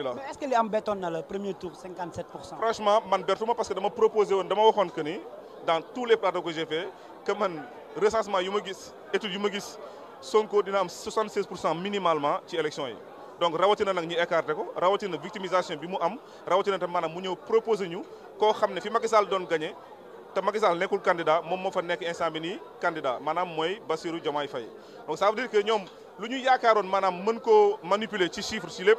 alhamdulilah. mais est ce que li am bettoon na la premier tour 57 franchement man bettuma parce que dama proposé woon dama waxoon que ni dans tous les plateaux que j'ai fait que man recensement yu ma gis études yu Sonko dina am 76 minimalement ci élection yi. donc rawatina nak ñi écarté ko rawatina victimisation bi mu am rawatina tam manam mu ñeu proposer ñu ko xamné fi Macky Sall doon gagner te Macky Sall nekul candidat mom moo fa nekk instant bi nii candidat manam moy Bassirou Diomaye Faye donc ça veut dire que ñom lu ñu yaakaaroon manam mën ko manipuler ci chiffre ci lépp.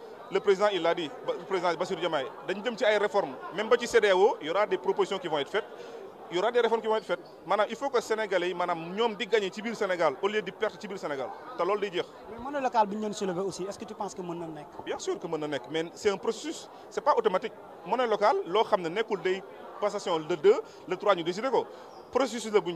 le président il l'a dit, le président Bassir Diomaye, y ci réformes même c'est ci CEDEAO il y aura des propositions qui vont être faites il y aura des réformes qui vont être faites Maintenant, il faut que sénégalais Madame le Sénégal au lieu de perdre ci C'est Sénégal te je day dire. mais monnaie local bi ñu aussi est-ce que tu penses que mon na bien sûr que mon na mais c'est un processus ce n'est pas automatique monnaie locale c'est xam ne nekkul passation le 2 le 3 nous décidé Le processus la bu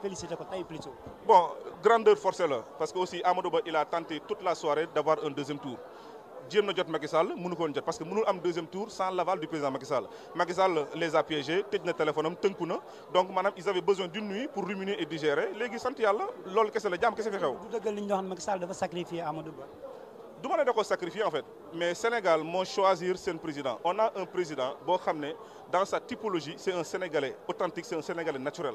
féliciter ko bon grandeur forcée là, parce que aussi Amadouba il a tenté toute la soirée d'avoir un deuxième tour. jéem na jot Macky Sall ko jot parce que avons un deuxième tour sans l'aval du président Macky Sall les a piégés na téléphone am donc ils avaient besoin d'une nuit pour ruminer et digérer légui sante yalla lol kese la jàmm kese fi xew. du sacrifier Amadouba. Ba. du ma ne sacrifier en fait mais Sénégal mon choisir un président on a un président bo dans sa typologie c'est un Sénégalais authentique c'est un Sénégalais naturel.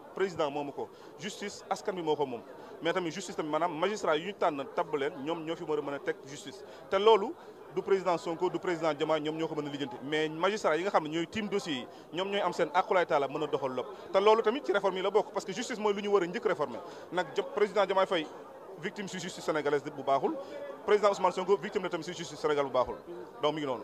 président Momoko, justice askan bi moo ko mais tamit justice tamit maanaam magistrat yu ñu tànn tabb leen ñoom ñoo fi war a justice te loolu du président Sonko du président Djama, ñom ñoo ko mën a mais magistrat yi nga xam ne ñooy tiim dossiers yi ñoom am sen akulay taala mëna doxal lop té lolu tamit ci réforme yi la bokk parce que justice moy lu ñu war a njëkk réformer nag président Djama fay victime ci justice sénégalaise bu baaxul président Ousmane Sonko victime la tamit si justice sénégal bu baaxul donc mi ngi noonu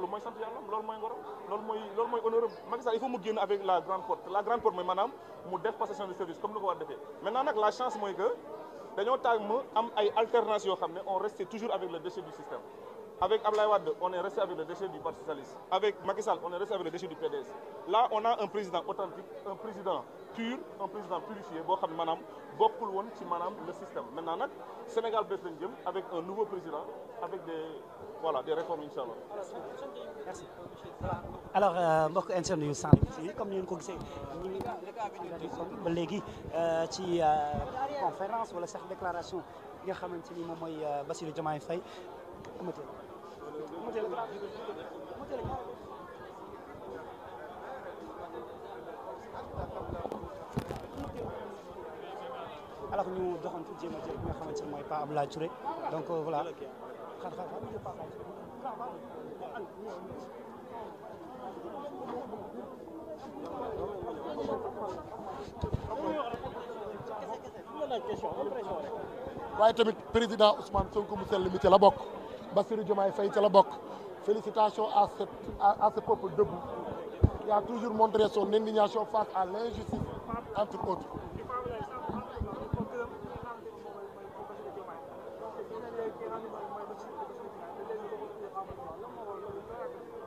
sant il faut avec la grande porte la grande porte madame, maanaam mu def passation de service comme nous ko fait. maintenant la chance moi, que dans alternance on restait toujours avec le déchet du système Avec Ablaï Wad, on est resté avec le déchet du Parti Socialiste. Avec Makissal, on est resté avec le déchet du PDS. Là, on a un président authentique, un président pur, un président purifié. Manam, le won ci manam le système. Maintenant, Sénégal avec un nouveau président, avec des voilà des réformes incha allah. merci alors euh, mbokk internet yu sant yi comme ni ngeen ko gisee ñu ba léegi euh, ci euh, conférence wala sax déclaration nga xamante ni moom mooy Bassirou Diomaye Faye. alors nous devons jéem a jël ki nga xamante ne mooy pas Abdoulaye Touré donc euh, voilà xar xar waaye tamit président Ousmane Sonko mu sell mi ci la bokk Bassirou Diomaye Faye ci la bokk félicitations à ce à ce peuple debout qui a toujours montré son indignation face à l'injustice entre autres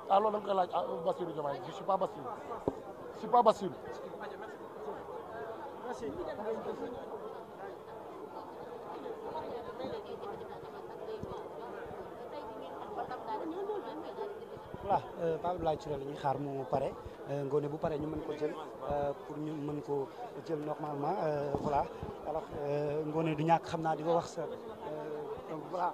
ah loolu da nga koy laaj ah Bassirou Diomaye je suis pas Bassirou je suis pas Bassirou. Merci. voilà euh, Pape Abdoulaye Touré la ñuy xaar mu pare euh, ngoone bu pare ñu mën ko jël euh, pour ñu mën ko jël normalement voilà alors ngoone du ñàkk xam naa di ko wax sa donc voilà.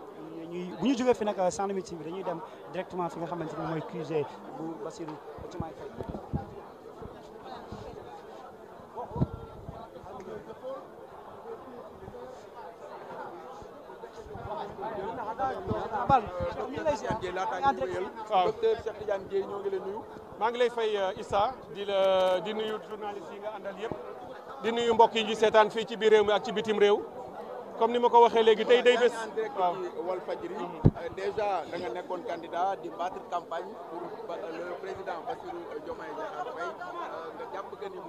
buñu bu fi nak centre limite TV dañuy dem directement fi nga xamanteni moy QG bu Bassirou Diomaye Faye bal docteur Cheikh Tidiane Dièye ñoo ngi lay nuyu maa ngi lay euh, di la di nuyu journaliste yi nga àndal yëpp di nuyu mbokk yi ñu seetaan fii ci biir réew mi ak ci bitim réew comme ni ma ko waxee léegi tey day bés. waaw Walfadjri déjà da nga nekkoon candidat di battre campagne pour euh, le président Bassirou Diomaye Diakhar Faye euh, nga jàpp que ni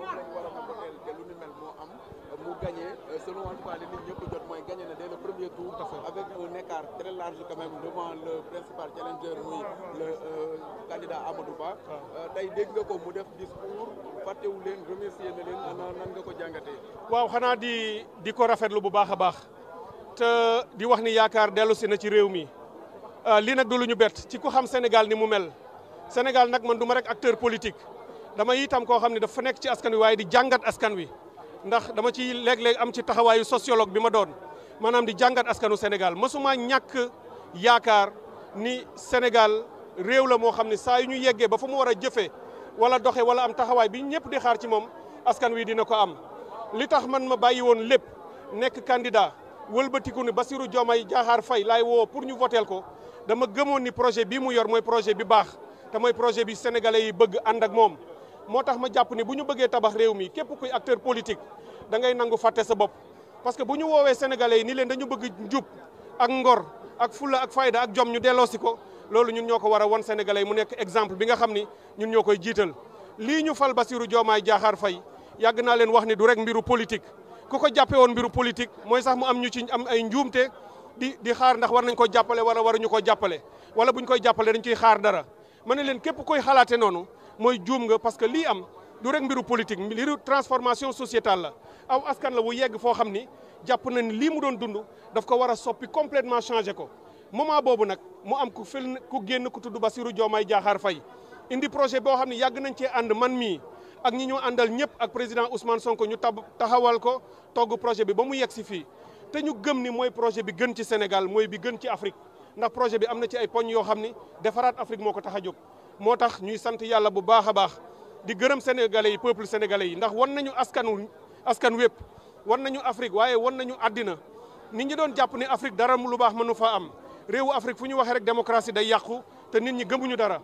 am mu gagné euh, selon en li nit ñëpp jot mooy gagné na dès le premier tour. avec un écart très large quand même devant le principal challenger muy le candidat Amadou Ba. Ah. tey dégg nga ko mu def discours fàttewu leen remercier na leen ana nan nga ko jàngatee. waaw xanaa di di ko rafetlu bu baax a baax. te di wax ni yaakaar delu ci na ci réew mi euh, lii nag du luñu bet ci ku xam senegal ni mu mel senegal nak man duma rek acteur politique dama yitam ko xamni dafa nek ci askan wi waaye di jangat askan wi ndax dama ci leg leg am ci taxawayu sociologue bima don manam di jangat askanu Senegal. Musuma ñak yakar ni Senegal rew la mo xamni sa yu ñu yegge ba fu mu wara jëfé wala doxé wala am taxaway bi ñepp di xaar ci mom askan wi dina ko am li tax man ma bàyyi woon lépp candidat wëlbatiku ne Bassirou Diomaye Diakhar fay laay woo pour ñu voteel ko dama gëmoon ni projet bii mu yor mooy projet bi baax te mooy projet bi sénégalais yi bëgg ànd ak moom moo tax ma jàpp ni bu ñu bëggee tabax réew mi képp kuy acteur politique dangay nangu fatte sa bopp parce que bu ñu woowee sénégalais yi ni leen dañu bëgg njub ak ngor ak fulla ak fayda ak jom ñu delloosi ko loolu ñun ñoo ko war wan sénégalais mu nekk exemple bi nga xam ni ñun ñoo koy jiital lii ñu fal Bassirou Diomaye Diakhar Faye yàgg naa leen wax ni du rek mbiru politique ku ko jàppee woon mbiru politique mooy sax mu am ñu ci am ay njuumte di di xaar ndax war nañ ko jàppale wala waruñu ko jàppale wala buñ koy jàppale dañ ciy xaar dara ma ne leen képp koy xalaate noonu mooy juum nga parce que lii am du rek mbiru politique mbiru transformation sociétale la aw askan la wu yegg foo xam ni jàpp nañ lii mu doon dundu daf ko war a soppi complètement changé ko moment boobu nag mu am ku fil ku génn ku tudd Bassirou Diomaye Diakhar fay indi projet boo xam ne yàgg nañ cee ànd man mii ak ñi ñoo àndal ñëpp ak président Ousmane Sonko ñu tab taxawal ko togg projet bi ba mu yegg si fii te ñu gëm ni mooy projet bi gën ci Sénégal mooy bi gën ci Afrique ndax projet bi am na ci ay poñ yoo xam ni defaraat Afrique moo ko tax a jóg moo tax ñuy sant yàlla bu baax a baax di gërëm sénégalais yi peuple sénégalais yi ndax wan nañu askanu askan wépp wan nañu Afrique waaye wan nañu àddina nit ñi doon jàpp ne Afrique dara lu baax nu fa am réew Afrique fu ñu waxee rek démocratie day yàqu te nit ñi gëmuñu dara